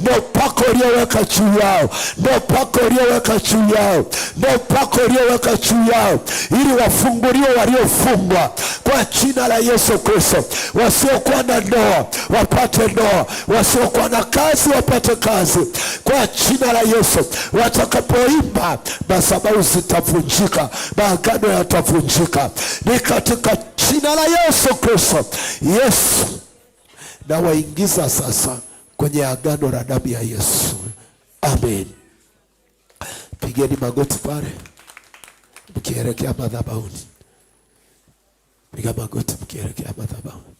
Ndio pako ulioweka juu yao, ndio pako ulioweka juu yao, ndio pako ulioweka juu yao, ili wafunguliwe waliofungwa kwa jina la Yesu Kristo. Wasiokuwa na ndoa wapate ndoa, wasiokuwa na kazi wapate kazi kwa jina la Yesu. Watakapoimba madhabahu zitavunjika, maagano yatavunjika, ni katika jina la Yesu Kristo. Yesu, nawaingiza sasa kwenye agano la damu ya Yesu. Amen. Pigeni magoti pale mkielekea madhabahuni, piga magoti mkielekea madhabahuni.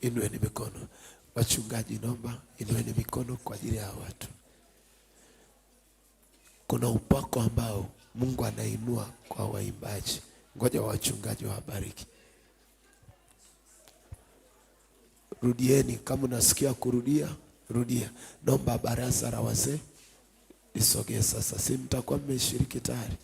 Inueni mikono. Wachungaji, naomba inueni mikono kwa ajili ya watu. Kuna upako ambao Mungu anainua kwa waimbaji. Ngoja wachungaji wabariki. Rudieni kama unasikia kurudia, rudia. Naomba baraza la wazee lisogee sasa, si mtakuwa mmeshiriki tayari.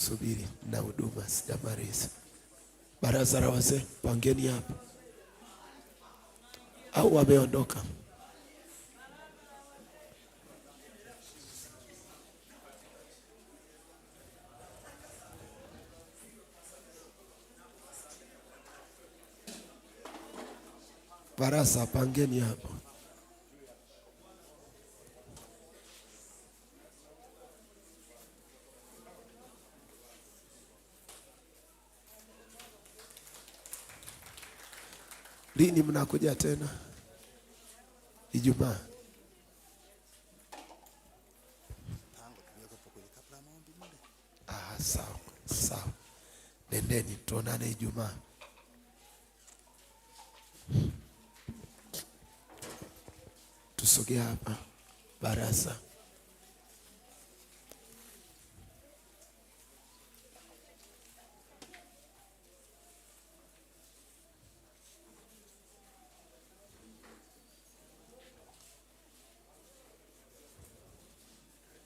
subiri na huduma sijamaliza. Baraza la wazee pangeni hapa, au wameondoka? Baraza pangeni hapa. Lini mnakuja tena? Ijumaa. Ah, sawa sawa, nendeni, tuonane Ijumaa. Tusogea hapa barasa.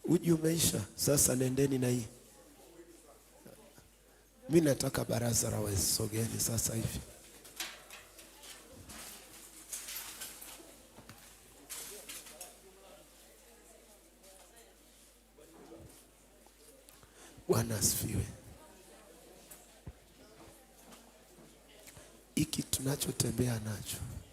uji umeisha. Sasa nendeni na hii. Mi nataka baraza la sogeni sasa hivi. Bwana asifiwe. Hiki tunachotembea nacho